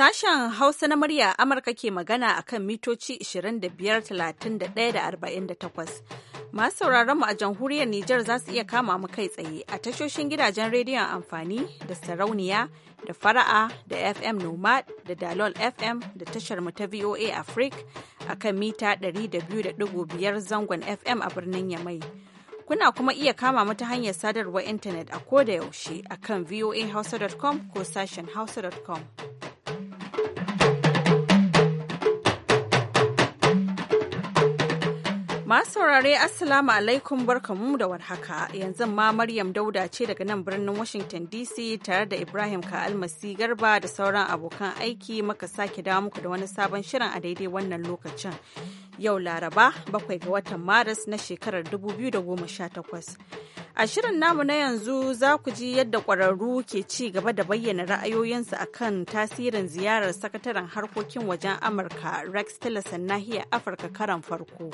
Sashen Hausa na murya Amurka ke magana a kan mitoci 25,31,48. Masu sauraron mu a jamhuriyar Nijar za su iya kama mu kai tsaye a tashoshin gidajen rediyon amfani da sarauniya da fara'a da FM Nomad da Dalol FM da tashar mu ta VOA Africa a kan mita 200.5 zangon FM a birnin Yamai. Kuna kuma iya kama mu ta hanyar sadarwar intanet a koda yaushe a kan voahausa.com ko sashen hausa.com. Masu saurare Assalamu alaikum barkamu da warhaka yanzu ma Maryam Dauda ce daga nan birnin Washington DC tare da Ibrahim Ka'almasi Garba da sauran abokan aiki muka sake dawo muku da wani sabon shirin a daidai wannan lokacin. yau Laraba bakwai ga watan Maris na shekarar 2018. A shirin namu na yanzu za ku ji yadda ƙwararru ke ci gaba da bayyana ra'ayoyinsu akan tasirin ziyarar sakataren harkokin wajen Amurka Rex Tillerson nahiyar Afirka karan farko.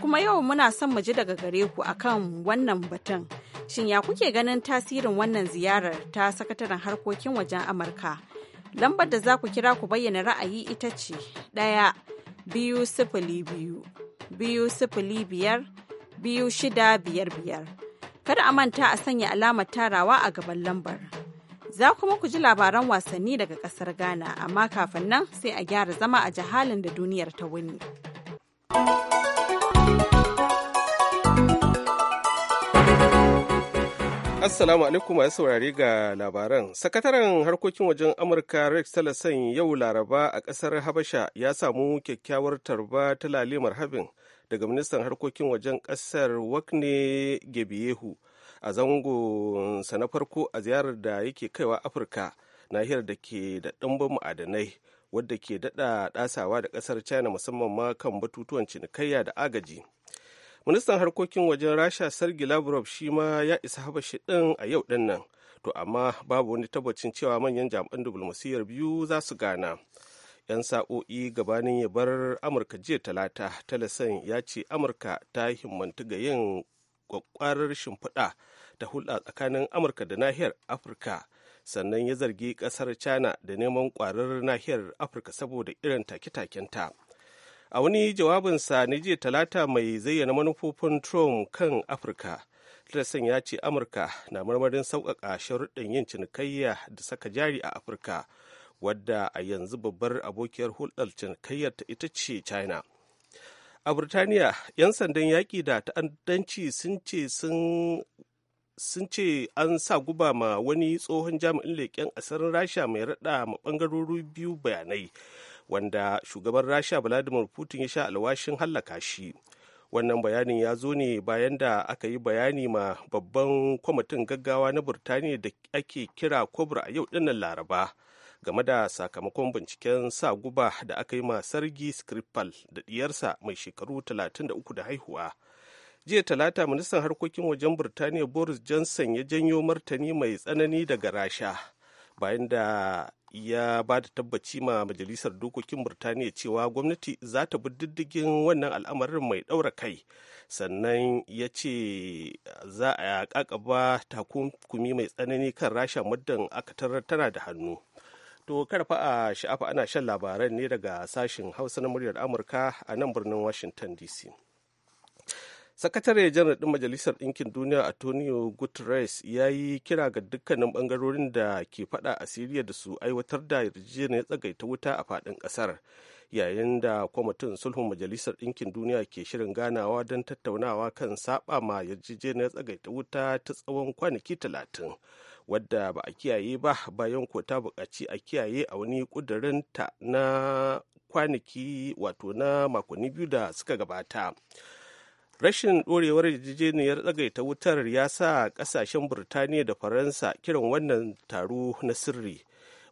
Kuma yau muna son mu ji daga gare ku akan wannan batun. Shin ya kuke ganin tasirin wannan ziyarar ta sakataren harkokin wajen Amurka? Lambar da za ku kira ku bayyana ra'ayi ita ce ɗaya biyu sifili biyu biyu sifili biyar biyu shida biyar biyar kada a manta a sanya alamar tarawa a gaban lambar za kuma ku ji labaran wasanni daga kasar ghana amma kafin nan sai a gyara zama a jahalin da duniyar ta wuni. Assalamu alaikum masu saurare ga labaran. Sakataren harkokin wajen Amurka Rex Tillerson yau Laraba a ƙasar Habasha ya samu kyakkyawar tarba ta lalimar habin daga ministan harkokin wajen ƙasar Wakne Gebiyehu a zangonsa na farko a ziyarar da yake kaiwa Afirka nahiyar da ke da ɗimbin ma'adanai wadda ke daɗa ɗasawa da ƙasar China musamman ma kan batutuwan cinikayya da agaji. ministan harkokin wajen rasha sergi lavrov shi ma ya isa habashi din a yau din nan to amma babu wani tabbacin cewa manyan jami'an diflomasiyyar biyu za su gana yan sa'o'i gabanin ya bar amurka jiya talata talasan ya ce amurka ta himmantu ga yin kwakwarar shimfiɗa ta hulɗa tsakanin amurka da nahiyar afirka sannan ya zargi ƙasar china da neman kwarar nahiyar afirka saboda irin take-takenta. ta a wani jawabinsa ne jiya talata mai zayyana manufofin trump kan afirka tillerson ya ce amurka na marmarin sauƙaƙa sharuɗin yin cinikayya da saka jari a afirka wadda a yanzu babbar abokiyar hulɗar cinikayyar ta ita ce china a burtaniya 'yan sandan yaƙi da ta'addanci sun ce sun sun ce an sa guba ma wani tsohon jami'in leƙen asirin rasha mai raɗa ma ɓangarori biyu bayanai wanda shugaban rasha vladimir putin ya sha alwashin hallaka shi wannan bayanin ya zo ne bayan da aka yi bayani ma babban kwamitin gaggawa na burtaniya da ake kira kobra a yau dinnan laraba game da sakamakon binciken sa guba da aka yi ma sargi skripal da diyarsa mai shekaru 33 da haihuwa jiya talata ministan harkokin wajen burtaniya boris johnson ya janyo martani mai tsanani daga rasha bayan da ya ba da tabbaci ma majalisar dokokin burtaniya cewa gwamnati za ta bi diddigin wannan al'amarin mai ɗaura kai sannan ya ce za a kakaba takunkumi mai tsanani kan rasha muddin aka tarar tana da hannu to karfa a sha'afa ana shan labaran ne daga sashen hausa na muryar amurka a nan birnin washington dc sakatare janar ɗin majalisar ɗinkin duniya antonio guterres ya yi kira ga dukkanin ɓangarorin da ke fada a siriya da su aiwatar da yarjejeniyar tsagaita wuta a faɗin ƙasar yayin da kwamitin sulhun majalisar ɗinkin duniya ke shirin ganawa don tattaunawa kan saba ma yarjejeniyar tsagaita wuta ta tsawon kwanaki talatin wadda ba a kiyaye ba bayan ko ta buƙaci a kiyaye a wani ta na kwanaki wato na makonni biyu da suka gabata rashin ɗorewar yarjejeniyar tsagaita wutar ya sa ƙasashen burtaniya da faransa kiran wannan taro na sirri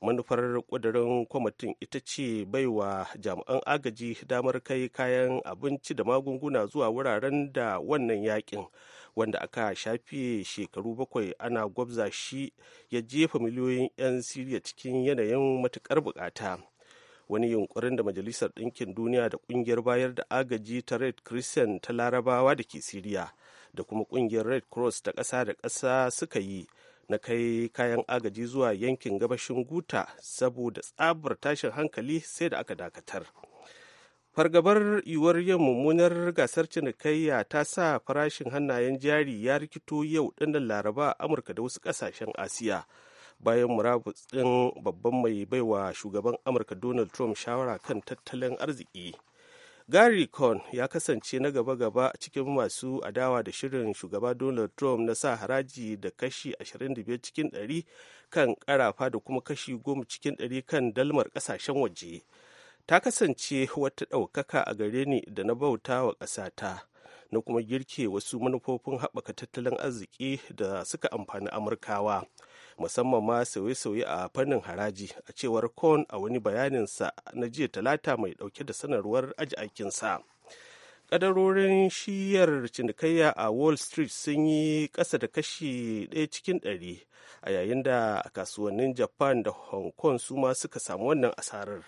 manufar ƙudurin kwamitin ita ce baiwa jami'an agaji damar kai kayan abinci da magunguna zuwa wuraren da wannan yakin wanda aka shafe shekaru bakwai ana gwabza shi ya jefa miliyoyin 'yan siriya cikin yanayin matuƙar bukata wani yunkurin da majalisar ɗinkin duniya da ƙungiyar bayar da agaji ta red christian ta larabawa da ke siriya da kuma ƙungiyar red cross ta ƙasa da ƙasa suka yi na kai kayan agaji zuwa yankin gabashin guta saboda tsabar tashin hankali sai da aka dakatar fargabar yiwuwar yin mummunar gasar cinikayya ta sa farashin hannayen jari ya rikito yau ɗinnan laraba a amurka da wasu ƙasashen asiya bayan murabus babban mai baiwa shugaban amurka donald trump shawara kan tattalin arziki gary cohn ya kasance na gaba-gaba cikin masu adawa da shirin shugaba donald trump na sa haraji da kashi 25 cikin 100 kan karafa da kuma kashi 10 cikin 100 kan dalmar kasashen waje ta kasance wata ɗaukaka a gare ni da na bauta wa ƙasata na kuma girke wasu manufofin haɓaka tattalin arziki da suka amfani amurkawa musamman ma sauye-sauye a fannin haraji a cewar kon a wani bayaninsa na jiya talata mai dauke da sanarwar aji aikinsa kadarorin shiyar cinikayya a wall street sun yi ƙasa da kashi ɗaya cikin ɗari a yayin da kasuwannin japan da hong kong su ma suka samu wannan asarar.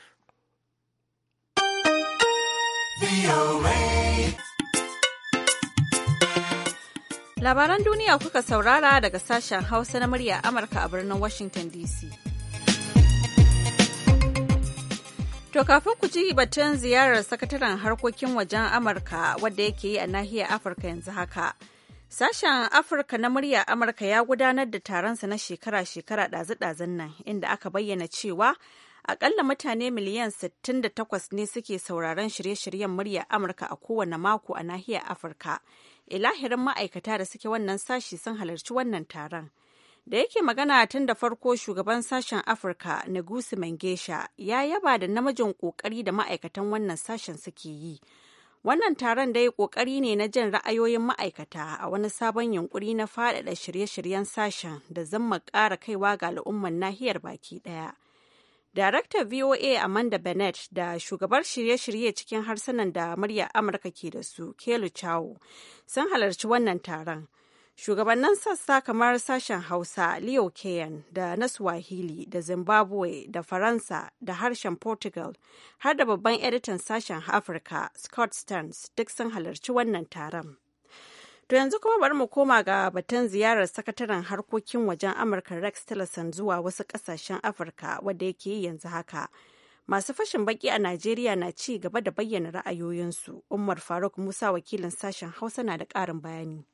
Labaran duniya kuka saurara daga sashen Hausa na murya Amurka a birnin Washington DC. To kafin ku ji batun ziyarar sakataren harkokin wajen Amurka wadda yake yi a nahiyar Afirka yanzu haka. Sashen Afirka na murya Amurka ya gudanar da taronsa na shekara-shekara ɗazu-ɗazun nan inda aka bayyana cewa akalla mutane miliyan 68 ne suke sauraron shirye-shiryen murya Amurka a kowane mako a nahiyar Afirka. ilahirin ma'aikata da suke wannan sashi sun halarci wannan taron da yake magana tun da farko shugaban sashen afirka negusi mangesha ya yaba da namijin kokari da ma'aikatan wannan sashen suke yi wannan taron dai kokari ne na jin ra'ayoyin ma'aikata a wani sabon yunkuri na faɗaɗa shirye-shiryen sashen da zama ƙara kaiwa ga al'ummar nahiyar baki ɗaya Daraktar VOA Amanda Bennett da shugabar shirye-shirye cikin harsunan da murya Amurka ke da su, Kelu Chao, sun halarci wannan taron. Shugabannin sassa kamar sashen Hausa, Leo Kayan, da na Swahili, da Zimbabwe, da Faransa, da harshen Portugal, har da babban editan sashen Afirka, Scott Stearns, duk sun halarci wannan taron. To yanzu kuma bari mu koma ga batun ziyarar sakataren harkokin wajen Amurka Rex Tillerson zuwa wasu ƙasashen Afirka wadda yake yi yanzu haka. Masu fashin baki a Najeriya na ci gaba da bayyana ra'ayoyinsu. Umar Faruk Musa wakilin sashen Hausa na da ƙarin bayani.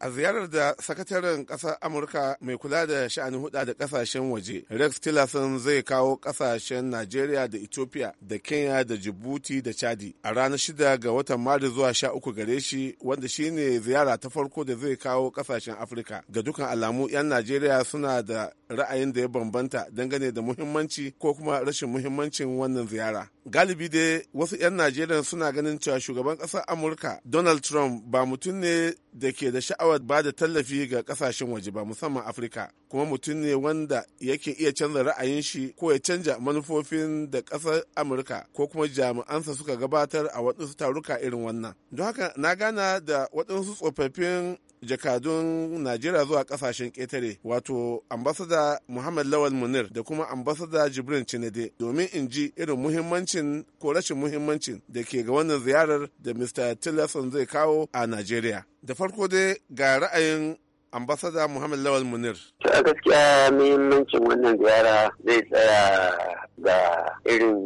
a ziyarar da sakataren ƙasar amurka mai kula da sha'anin huda da ƙasashen waje rex tillerson zai kawo ƙasashen najeriya da ethiopia da kenya da djibouti da chadi a ranar shida ga watan maris zuwa sha uku gare shi wanda shine ziyara ta farko da zai kawo ƙasashen afirka ga dukkan alamu 'yan najeriya suna da ra'ayin da ya bambanta dangane da muhimmanci ko kuma rashin muhimmancin wannan ziyara galibi dai wasu 'yan najeriya suna ganin cewa shugaban ƙasar amurka donald trump ba mutum ne da ke da sha'awar ba da tallafi ga ƙasashen waje ba musamman afirka kuma mutum ne wanda yake iya canza ra'ayin shi ko ya canja manufofin da ƙasar amurka ko kuma jami'ansa suka gabatar a waɗansu taruka irin wannan don haka na gana da waɗansu tsofaffin jakadun najeriya zuwa kasashen ƙetare wato ambasada muhammad lawal munir da kuma ambasada jibrin cinede domin in ji irin muhimmancin ko rashin muhimmancin da ke ga wannan ziyarar da mr tillerson zai kawo a najeriya da farko dai ga ra'ayin ambasada muhammad lawal munir a gaskiya muhimmancin wannan ziyara zai tsaya ga irin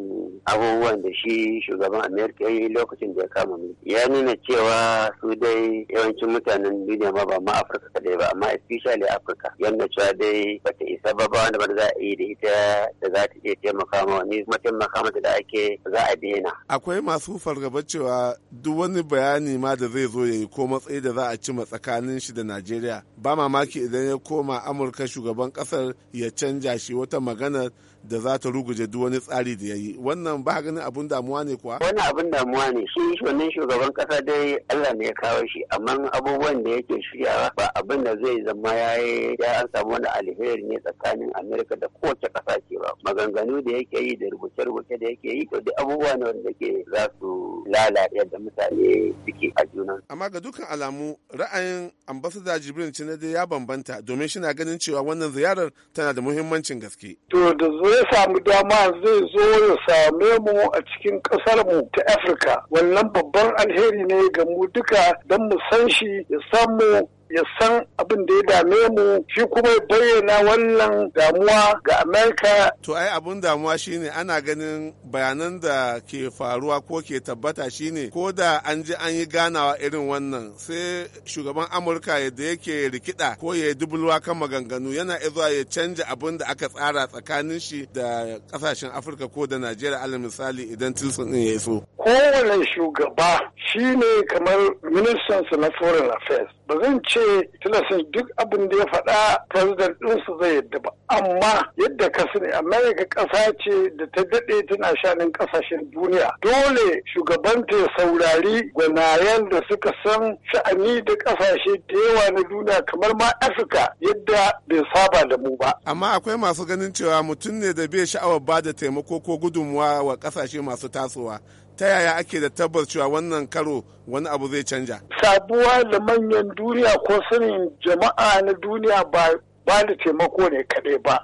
abubuwan da shi shugaban amerika yi lokacin da ya kama mu ya nuna cewa su dai yawancin mutanen duniya ma ba ma afirka kadai ba amma especially afirka yadda cewa dai bata isa ba ba wanda ba za a yi da ita da za ta iya taimaka ma wani kuma taimaka mata da ake za a daina akwai masu fargaba cewa duk wani bayani ma da zai zo ya yi ko matsayi da za a ci tsakanin shi da najeriya ba mamaki idan ya koma amurka shugaban kasar ya canja shi wata maganar da za ta ruguje duk wani tsari da ya yi wannan ba ganin abun damuwa ne kuwa wannan abun damuwa ne shi wannan shugaban kasa dai Allah ne ya kawo shi amma abubuwan da yake shiryawa ba abin da zai zama ya yi ya an samu wani alheri ne tsakanin Amerika da kowace kasa ce ba maganganu da yake yi da rubuce-rubuce da yake yi to duk abubuwa ne wanda ke za su lalata yadda mutane suke a juna amma ga dukkan alamu ra'ayin ambasada Jibrin Cinade ya bambanta domin shi na ganin cewa wannan ziyarar tana da muhimmancin gaske to da ya samu dama zai zo ya same mu a cikin ƙasar mu ta Afirka. Wannan babban alheri ne ga mu duka don mu san shi ya san mu. ya san abin da ya dame mu shi kuma ya bayyana wannan damuwa ga amerika to ai abin damuwa shine ana ganin bayanan da ke faruwa ko ke tabbata shine ko da an ji an yi ganawa irin wannan sai shugaban amurka yadda yake rikida ko ya yi dubulwa kan maganganu yana izuwa ya canja abin da aka tsara tsakanin shi da kasashen afirka ko da najeriya alal misali idan tilson din ya iso kowane shugaba shi ne kamar ministansa na foreign affairs ba zan ce tilasin duk abin da ya faɗa president ɗinsu zai yadda ba amma yadda ka sani america ƙasa ce da ta daɗe tana shanin ƙasashen duniya dole shugabanta ya saurari gwanayen da suka san sha'ani da ƙasashe da yawa na duniya kamar ma afirka yadda bai saba da mu ba amma akwai masu ganin cewa mutum ne da bai sha'awar ba da taimako ko gudunmuwa wa ƙasashe masu tasowa ta yaya ake da tabbas cewa wannan karo wani abu zai canja sabuwa da manyan duniya ko sanin jama'a na duniya ba ba da taimako ne kaɗai ba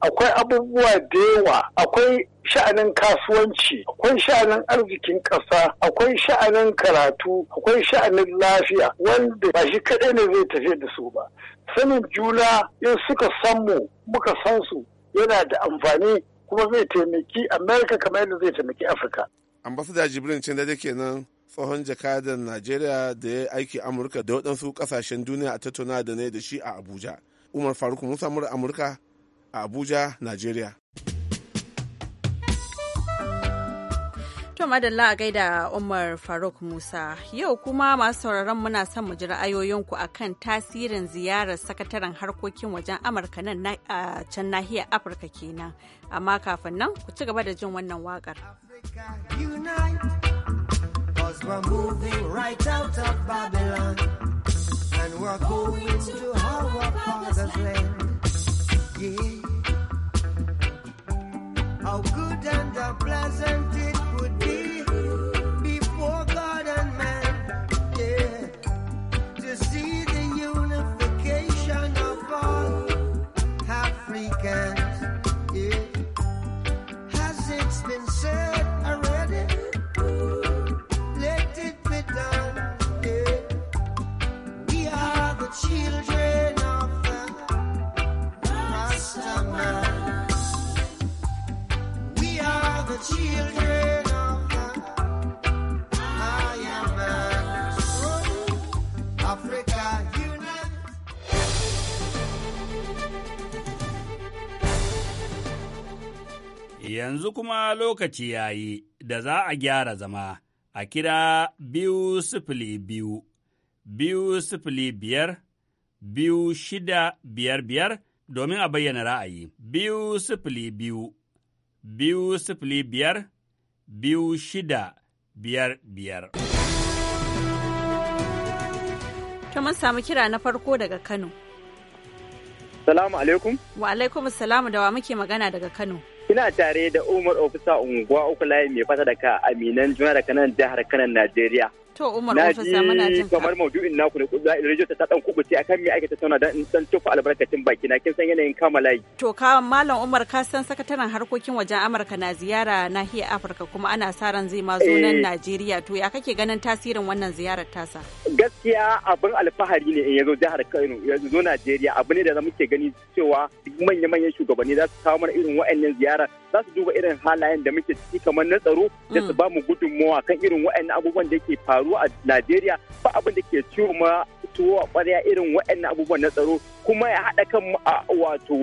akwai abubuwa da yawa akwai sha'anin kasuwanci akwai sha'anin arzikin ƙasa akwai sha'anin karatu akwai sha'anin lafiya wanda ba shi kaɗai ne zai tafi da su ba sanin juna in suka san mu muka san su yana da amfani kuma zai taimaki amerika kamar yadda zai taimaki afirka ambasada jibrin cin da ke nan tsohon jakadan najeriya da ya aiki amurka da waɗansu ƙasashen duniya a tattauna da ne da shi a abuja umar faruk musa mura amurka a abuja najeriya To madalla a gaida Umar Faruk Musa. Yau kuma masu sauraron muna son mu ji ra'ayoyinku akan tasirin ziyarar sakataren harkokin wajen Amurka nan a can nahiyar Afirka kenan. Amma kafin nan ku ci gaba da jin wannan wakar. good and how pleasant it yanzu kuma lokaci ya yi da za a gyara zama a kira biyu sifili biyu, biyu sifili biyar, biyu shida biyar biyar domin a bayyana ra'ayi. Biyu sifili biyu, biyu sifili biyar, biyu shida biyar biyar. To mun samu kira na farko daga Kano. Salamu alaikum. Wa alaikum salamu da wa muke magana daga Kano. Ina tare da Umar Ofisa Unguwa uku layi mai fata daga Aminan Juna daga nan jihar Kanan Najeriya. To Umar na muna jin ka. Kamar maudu'in naku ne rediyo ta dan kubuce akan me ake tattauna dan in san tufa albarkacin baki na kin san yanayin kama To ka Malam Umar ka san sakataren harkokin wajen Amurka na ziyara nahiyar Afirka kuma ana sa ran zai ma zo nan eh. Najeriya to ya kake ganin tasirin wannan ziyarar tasa? Gaskiya abin alfahari ne in yazo jihar Kano ya zo Najeriya abu ne da muke gani cewa manya-manyan shugabanni za su kawo mana irin wa'annan ziyara za su duba irin halayen da muke ciki kamar na tsaro da su mm. ba mu gudunmawa kan irin wa'annan abubuwan da yake faru faru a Najeriya ba abin da ke ciwo ma tuwo a ƙwarya irin waɗannan abubuwan na tsaro kuma ya haɗa kan wato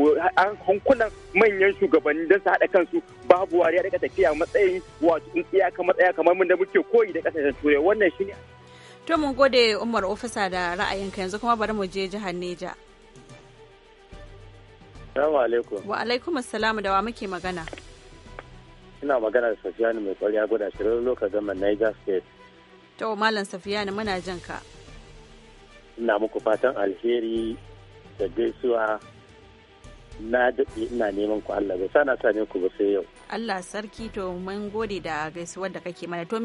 hankulan manyan shugabanni don su haɗa kansu babu wari ya daga tafiya matsayin wato tsintsiya kamar tsaya kamar mun da muke koyi da ƙasashen turai wannan shi ne. To mun gode Umar Ofisa da ra'ayinka yanzu kuma bari mu je jihar Neja. Assalamu alaikum. Wa alaikum assalam da wa muke magana. Ina magana da Sofiyanu mai kwariya guda shirin lokacin Niger State. To Malam Safiyani muna jin ka. Ina muku fatan alheri da gaisuwa na daɗe ina neman ku Allah bai sana ne ku ba sai yau. Allah sarki to mun gode da gaisuwar da kake mana. To a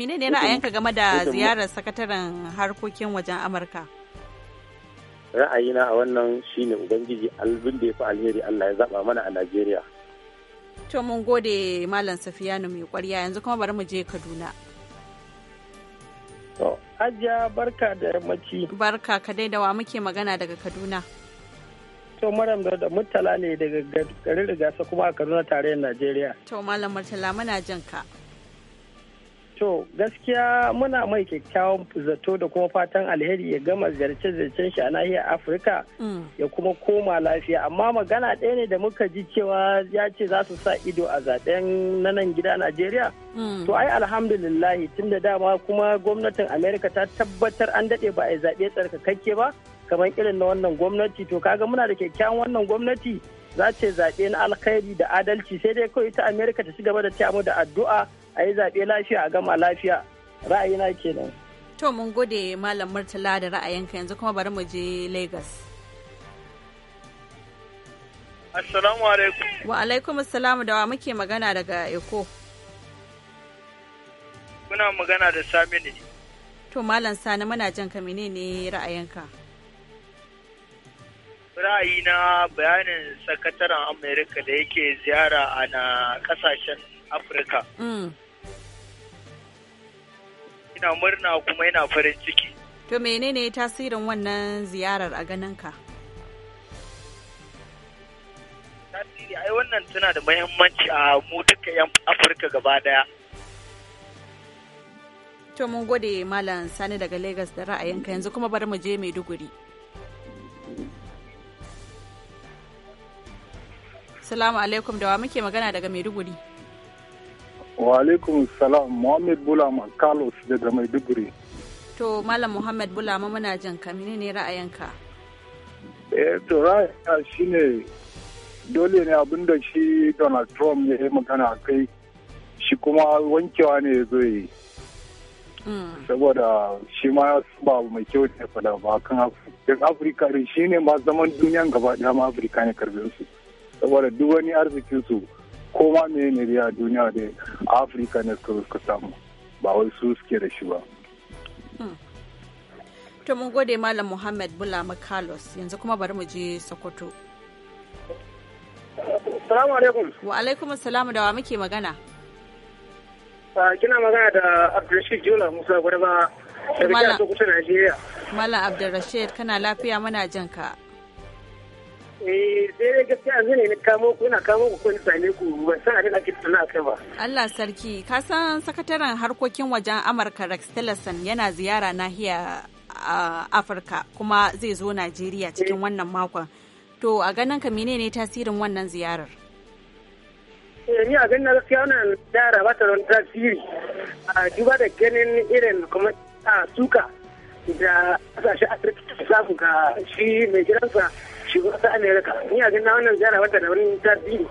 yanka game da ziyarar sakataren harkokin wajen Amurka? Ra'ayina a wannan shine Ubangiji albin da ya fi alheri Allah ya zaba mana a Najeriya. To mun gode Malam Safiyanu mai kwarya yanzu kuma bari mu je Kaduna. Ajiya barka da yammaci. Barka ka da wa muke magana daga Kaduna. To, Maram da Murtala ne daga garin Rigasa kuma a Kaduna tarayyar Najeriya. To, Malam Murtala muna jin ka. To gaskiya muna mai kyakkyawan zato da kuma fatan alheri ya gama ziyarce-ziyarcen shi a nahiyar Afirka mm. ya kuma koma lafiya. Amma magana ɗaya ne da muka ji cewa ya ce za su sa ido a zaɓen na nan gida Najeriya. Mm. To ai alhamdulillahi tun da dama kuma gwamnatin Amerika ta tabbatar an daɗe ba a zaɓe tsarkakakke ba kamar irin na wannan gwamnati. To kaga muna da kyakkyawan wannan gwamnati za ce zaɓe na alkhairi da adalci sai dai kawai ta Amerika ta ci gaba da ta da addu'a. a yi zaɓe lafiya a gama lafiya ra'ayina kenan. To mun gode Malam Murtala da ra'ayinka yanzu kuma bari mu je Lagos. Assalamu alaikum. Wa alaikum assalamu da wa muke magana daga Eko. Muna magana da Sami ne. To Malam Sani muna jan ka menene ra'ayinka? Ra'ayi na bayanin sakataren Amerika da yake ziyara a na kasashen Afirka. Mm. yana murna kuma yana farin ciki to menene tasirin wannan ziyarar a ganinka. ka tasiri ai wannan tana da muhimmanci a mu duka yan afirka gaba daya to mun gode malam sani daga lagos da ra'ayinka yanzu kuma bari mu je maiduguri salamu alaikum da wa muke magana daga maiduguri Wa alaikum salam Muhammad Bulama Carlos daga Maiduguri. To Malam Muhammad Bulama muna jin ka ne ra'ayinka? Eh to ra'ayina shine dole ne abinda shi Donald Trump ya yi magana kai shi kuma wankewa ne ya zo yi. Mm. Saboda shi ma ya ba mai kyau ne fada ba kan Afirka shi ne ma zaman duniyan gaba ɗaya ma Afirka ne karbe su. Saboda duk wani arzikin su ko ma ne ne a duniya da afirka ne suka samu ba wai su suke da shi ba hmm. to mun gode malam muhammad bulama carlos yanzu kuma bari mu je sokoto salamu alaikum wa alaikum salamu da wa muke magana kina magana da abdulrashid jula musa gwarba daga jihar sokoto najeriya malam abdulrashid kana lafiya muna jan ka Eh sai dai gaskiya yanzu ne na kamo ku ku kun same ku ban san abin ake tuna akai ba. Allah sarki ka san sakataren harkokin wajen Amurka Rex Tillerson yana ziyara nahiyar Afirka kuma zai zo Najeriya cikin eh. wannan makon. To a ganin ka mene ne tasirin wannan ziyarar? Eh, ni a ganin gaskiya wannan yara ba ta tasiri a duba da ganin irin kuma a suka da kasashen afirka samu ga shi mai gidansa shugaban ta Amerika ni a ganin wannan ziyara wata da wani tasiri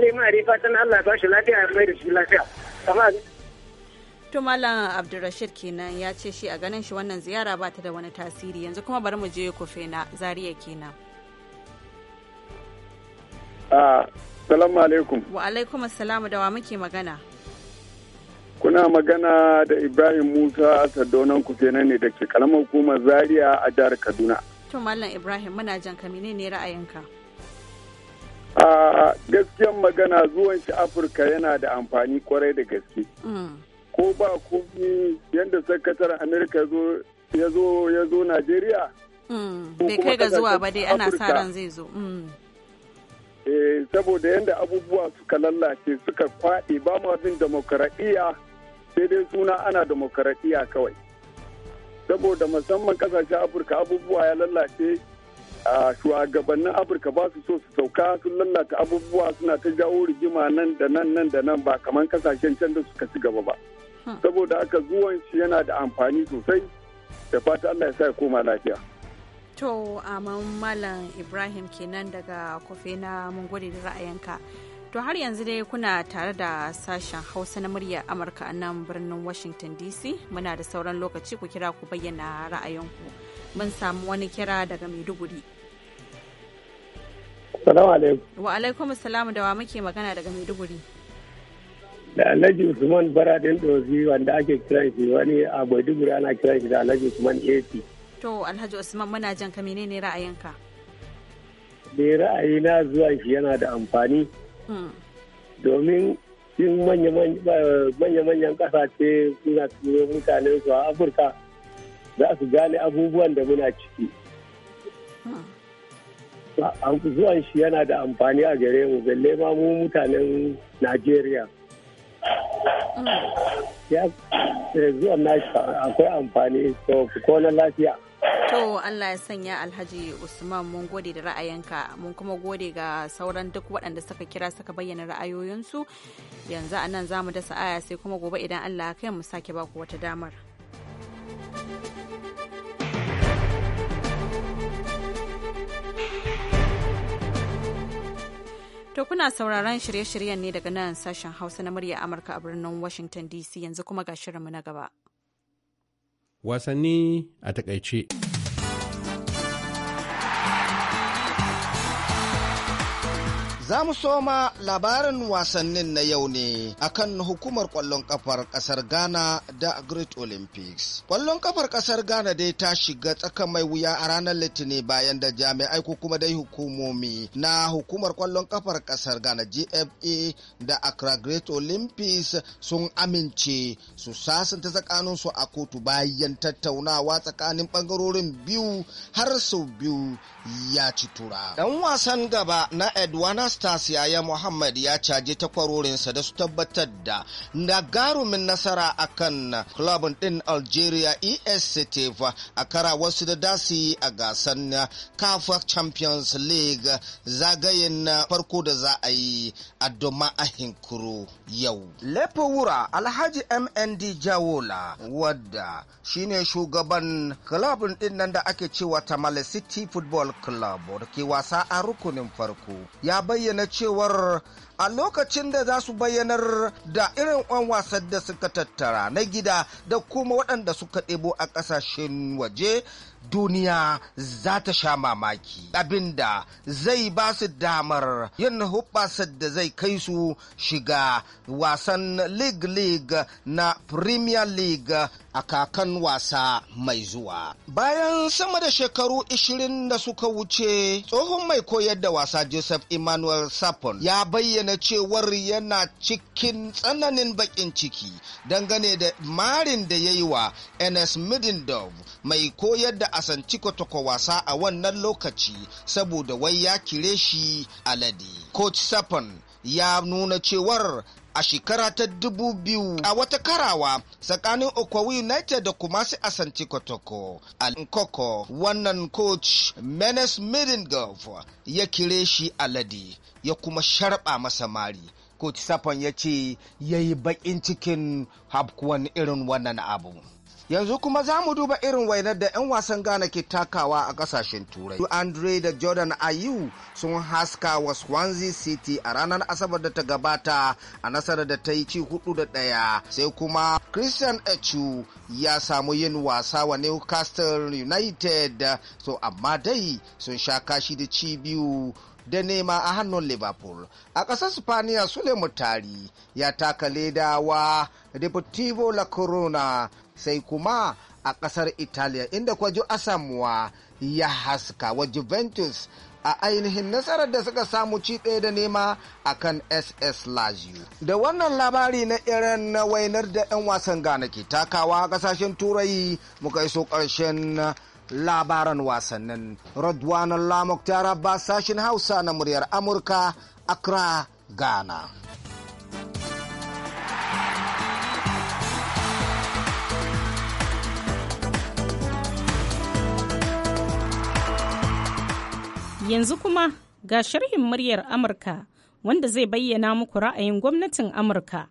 ne muna dai fatan Allah ya bashi lafiya ya mai da shi lafiya amma to malam Abdulrashid kenan ya ce shi a ganin shi wannan ziyara ba ta da wani tasiri yanzu kuma bari mu je kofe na Zaria kenan a ah, salamu alaikum wa alaikum assalamu da wa muke magana kuna magana da ibrahim musa sadonan kufena ne da ke karamar hukumar zaria a jihar kaduna to Mallam Ibrahim muna jan ka ne ra'ayinka? A gaskiyan magana zuwan shi Afirka yana da amfani kwarai da gaske. Mm. Ko ba komi yadda sakataren Amerika ya zo ya zo Najeriya. Mm. Bai kai ga zuwa ba dai ana sa ran zai zo. Mm. Eh, saboda yadda abubuwa suka lallace suka kwaɗe ba mu bin demokaradiyya sai dai suna ana demokaradiyya kawai. saboda musamman kasashen afirka abubuwa ya lallace a shugabannin afirka ba su so su sauka sun lalata abubuwa suna ta jawo rigima nan da nan nan da nan ba kamar kasashen can da suka ci gaba ba hmm. saboda aka zuwan shi yana da amfani sosai da fata allah ya sa ya koma lafiya to amma malam ibrahim kenan daga kofe na mun gode da ra'ayinka To har yanzu dai kuna tare da sashen Hausa na murya Amurka a nan birnin Washington DC muna da sauran lokaci ku kira ku bayyana ra'ayinku. Mun samu wani kira daga Maiduguri. Salamu alaikum. Wa alaikum salamu da wa muke magana daga Maiduguri. Da Alhaji Usman Baradin Dozi wanda ake kiran shi wani a Maiduguri ana kiran shi da Alhaji Usman AC. To Alhaji Usman muna jan ka menene ra'ayinka? Ne ra'ayi na zuwa shi yana da amfani. domin yin manya-manyan kasashe suna turo mutane su a afirka za su gane abubuwan da muna ciki zuwan shi yana da amfani a gare mu balle ma mu mutanen najeriya eh, zuwan nashi akwai amfani ko na lafiya To Allah ya sanya Alhaji Usman mun gode da ra'ayinka mun kuma gode ga sauran duk waɗanda suka kira suka bayyana ra'ayoyinsu yanzu a nan za mu dasa aya sai kuma gobe idan Allah ya kai mu sake baku wata damar. To kuna sauraron shirye-shiryen ne daga nan sashen Hausa na murya Amurka a birnin Washington DC yanzu kuma ga shirinmu na gaba. wasanni a takaice. Za mu soma labarin wasannin na yau ne akan hukumar kwallon kafar kasar Ghana da Great Olympics. Kwallon kafar kasar Ghana dai ta shiga tsakan mai wuya a ranar Litinin bayan da jami'ai ko kuma dai hukumomi na hukumar kwallon kafar kasar Ghana GFA da Accra Great Olympics sun amince su tsakanin su a kotu bayan tattaunawa tsakanin bangarorin biyu har sau biyu ya ci tura. Dan wasan gaba na Edwana stars yaya muhammad ya caji takwarorinsa da su tabbatar da nagarumin nasara akan club din algeria es a kara wasu da dasi a gasar kafa champions league zagayen farko da za a yi a doma a hinkuru yau lepo wura alhaji mnd jawola wadda shine shugaban club din nan da ake cewa tamale city football club da ke wasa a rukunin farko ya bayyana bayyana cewar a lokacin da za su bayyanar da irin wan wasan da suka tattara na gida da kuma waɗanda suka ɗebo a ƙasashen waje duniya za ta sha mamaki abinda zai ba su damar yin hubbasar da zai kai su shiga wasan league league na premier league a kakan wasa mai zuwa bayan sama da shekaru 20 da suka wuce tsohon mai koyar da wasa joseph emmanuel sapon ya bayyana bayyana cewar yana cikin tsananin bakin ciki dangane da marin da ya yi wa ns middendorf mai koyar da asanci kwatakwa wasa a wannan lokaci saboda wai ya kire shi alade coach sapon ya nuna cewar a shekara ta dubu biyu a wata karawa tsakanin okwawi United da Kumasi asanti Kotoko. Nkoko wannan coach Menes Middendorf ya kire shi alade ya kuma sharɓa masa mari. Coach Sapon ya ce ya yi baƙin cikin hapkuwan irin wannan abu. yanzu kuma za mu duba irin wainar da 'yan wasan ghana ke takawa a kasashen turai andre da jordan ayu sun haska wa swansea city a ranar asabar da ta gabata a nasarar da ta yi ci hudu da daya sai kuma christian echu ya samu yin wasa wa newcastle united so amma dai sun sha kashi da ci biyu da nema a hannun liverpool a ƙasar spaniya sule mutari ya taka ledawa deportivo la corona sai kuma a ƙasar Italiya inda kwajo Asamuwa ya haska wa Juventus a ainihin nasarar da suka samu ci ɗaya da nema a kan SS Lazio. Da wannan labari na irin na wainar da 'yan wasan Ghana ke takawa a ƙasashen Turai muka iso ƙarshen labaran wasannin. Radwanan Lamok Taraba sashen Hausa na muryar Amurka, Accra, Ghana. Yanzu kuma ga sharhin muryar Amurka wanda zai bayyana muku ra'ayin gwamnatin Amurka.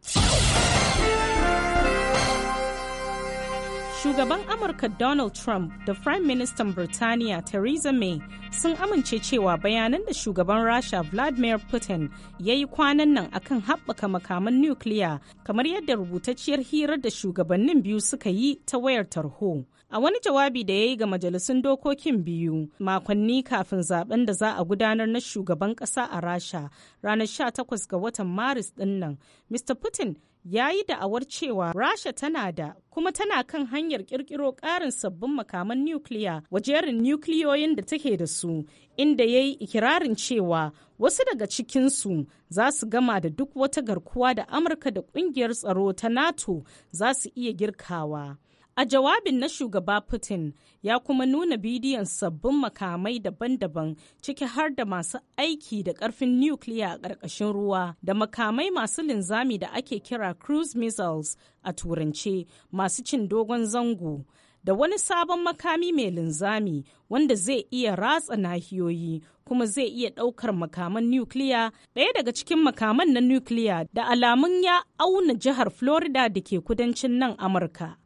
shugaban amurka donald trump da prime minister birtaniya theresa may sun amince cewa bayanan da shugaban rasha vladimir putin ya yi kwanan nan akan haɓaka makaman nukiliya kamar yadda rubutacciyar hirar da shugabannin biyu suka yi ta wayar tarho a wani jawabi da ya yi ga majalisun dokokin biyu makonni kafin zaben da za a gudanar na shugaban ƙasa a rasha ranar 18 ga watan maris ɗin nan mr putin ya yi da'awar cewa rasha tana da kuma tana kan hanyar kirkiro ƙarin sabbin makaman nukiliya wa jerin nukiliyoyin da take da su inda ya yi ikirarin cewa wasu daga cikinsu za su gama da duk wata garkuwa da amurka da ƙungiyar tsaro ta nato za su iya girkawa A jawabin na shugaba Putin ya kuma nuna bidiyon sabbin makamai daban-daban ciki har da masu aiki da karfin nukiliya a ƙarƙashin ruwa da makamai masu linzami da ake kira cruise missiles a turance masu cin dogon zango da wani sabon makami mai linzami wanda zai iya ratsa nahiyoyi kuma zai iya ɗaukar makaman nukiliya ɗaya daga cikin makaman na nukiliya da alamun ya auna jihar florida da ke kudancin nan amurka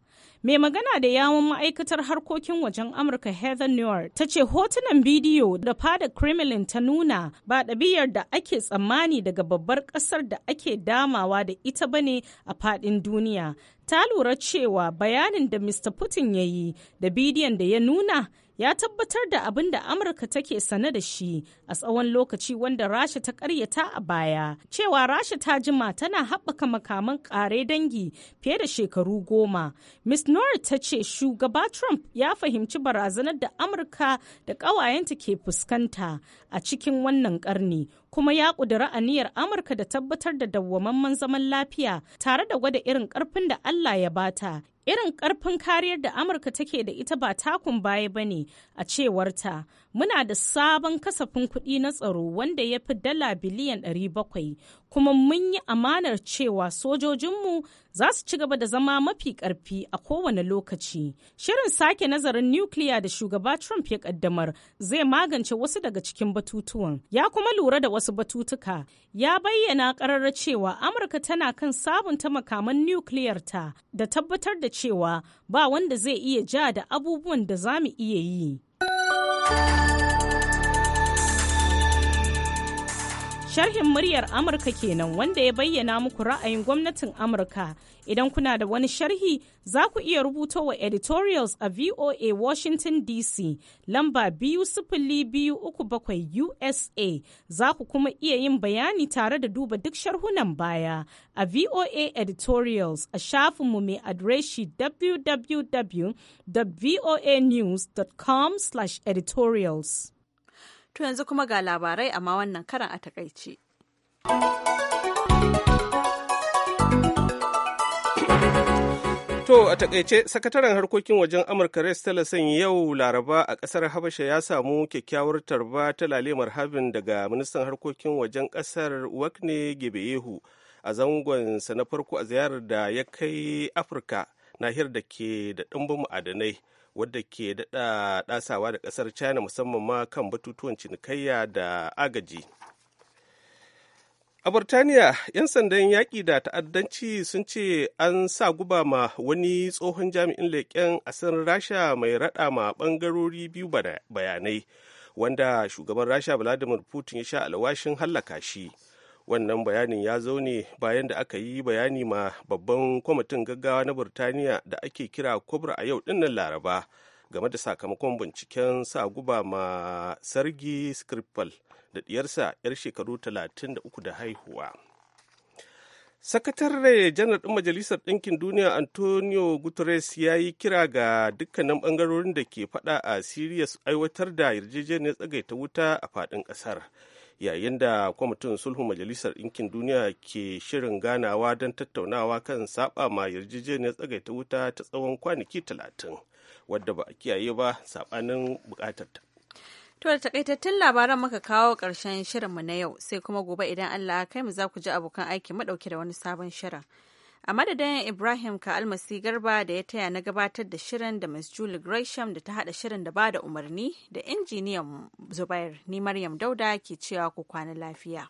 Mai magana da yawun ma'aikatar harkokin wajen Amurka Heather Newar ta ce hotunan bidiyo da fada Kremlin ta nuna ba ɗabiyar da ake tsammani daga babbar ƙasar da ake damawa da ita ba ne a faɗin duniya. Ta lura cewa bayanin da Mr. Putin ya yi da bidiyon da ya nuna ya tabbatar da abin da Amurka take sane da shi a tsawon lokaci wanda Rasha ta karyata a baya, cewa Rasha ta jima tana haɓaka makaman ƙare dangi fiye da shekaru goma. Ms. Nor ta ce shugaba Trump ya fahimci barazanar da Amurka da ƙawayenta ke fuskanta a cikin wannan ƙarni. kuma ya ƙudiri aniyar Amurka da tabbatar da dawwamamman zaman lafiya tare da gwada irin ƙarfin da Allah ya bata Irin ƙarfin kariyar da Amurka take da ita ba takun baya ba ne a cewarta muna da sabon kasafin kuɗi na tsaro wanda ya fi dala biliyan 700 kuma mun yi amanar cewa sojojinmu za su ci gaba da zama mafi ƙarfi a kowane lokaci. Shirin sake nazarin nukiliya da shugaba Trump ya ƙaddamar zai magance wasu daga cikin batutuwan. Ya kuma lura da wasu batutuka. Ya bayyana ƙararra cewa Amurka tana kan sabunta makaman ta da tabbatar da cewa ba wanda zai iya ja da abubuwan da zamu iya yi. Sharhin muryar Amurka kenan wanda ya bayyana muku ra'ayin gwamnatin Amurka. Idan kuna da wani sharhi za ku iya rubuto wa editorials a VOA Washington DC lamba biyu sifili biyu uku bakwai USA za ku kuma iya yin bayani tare da duba duk sharhunan baya a VOA editorials a shafinmu mai adireshi www.voanews.com/editorials. To yanzu kuma ga labarai amma wannan karan a takaice. To a takaice sakataren harkokin wajen Amurka Rex Tillerson yau Laraba a kasar Habasha ya samu kyakkyawar tarba ta lalemar harbin daga ministan harkokin wajen kasar Wakne Gebeyehu a zangonsa na farko a ziyarar da ya kai Afirka nahiyar da ke da ɗumbin ma'adanai. wadda ke daɗa ɗasawa da ƙasar china musamman ma kan batutuwan cinikayya da agaji a burtaniya 'yan sandan yaƙi da ta'addanci sun ce an sa guba ma wani tsohon jami'in leƙen asirin rasha mai raɗa ma ɓangarori biyu bayanai wanda shugaban rasha vladimir putin ya sha alwashin hallaka shi wannan bayanin ya zo ne bayan da aka yi bayani ma babban kwamitin gaggawa na burtaniya da ake kira kobra a yau dinnan laraba game da sakamakon binciken sa guba ma sargi skripal da diyarsa yar shekaru 33 da haihuwa sakatare janar ɗin majalisar ɗinkin duniya antonio guterres ya yi kira ga dukkanin bangarorin da ke faɗa a siriya su aiwatar da yarjejeniyar tsagaita wuta a faɗin ƙasar yayin da kwamitin sulhu majalisar ɗinkin duniya ke shirin ganawa don tattaunawa kan saba ma yarjejeniyar tsagaita wuta ta tsawon kwanaki talatin wadda ba a kiyaye ba saɓanin ta. To da takaitattun labaran muka kawo ƙarshen shirinmu na yau sai kuma gobe idan Allah ya kai mu za ku ji abokan aiki madauke da wani sabon shirin. a madadin ibrahim ka garba da ya taya na gabatar da shirin da ms julie gresham da ta hada shirin da ba da umarni da injiniyan zubair ni maryam dauda ke cewa ku kwana lafiya